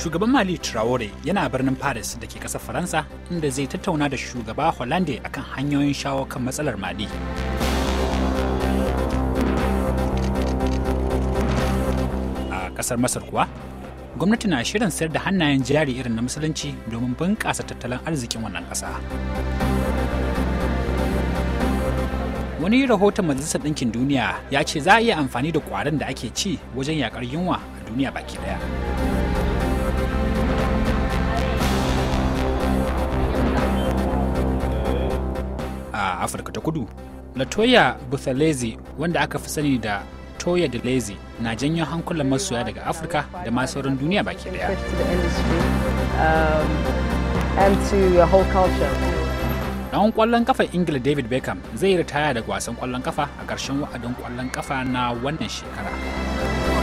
shugaban mali traore yana birnin paris da ke ƙasar faransa inda zai tattauna da shugaba hollande akan hanyoyin shawo kan matsalar mali a ƙasar masar kuwa gwamnati na shirin sayar da hannayen jari irin na musulunci domin bunƙasa tattalin arzikin wannan ƙasa wani rahoton majalisar ɗinkin duniya ya ce za a iya amfani da ƙwarin da ake ci wajen yaƙar yunwa a duniya baki ɗaya. a afirka ta kudu latoya buthelezi wanda aka fi sani da toya delezi na janyo hankulan masoya daga afirka da ma sauran duniya baki daya ɗan um, kwallon kafa ingila david beckham zai ritaya daga wasan kwallon kafa a ƙarshen wa'adin kwallon kafa na wannan shekara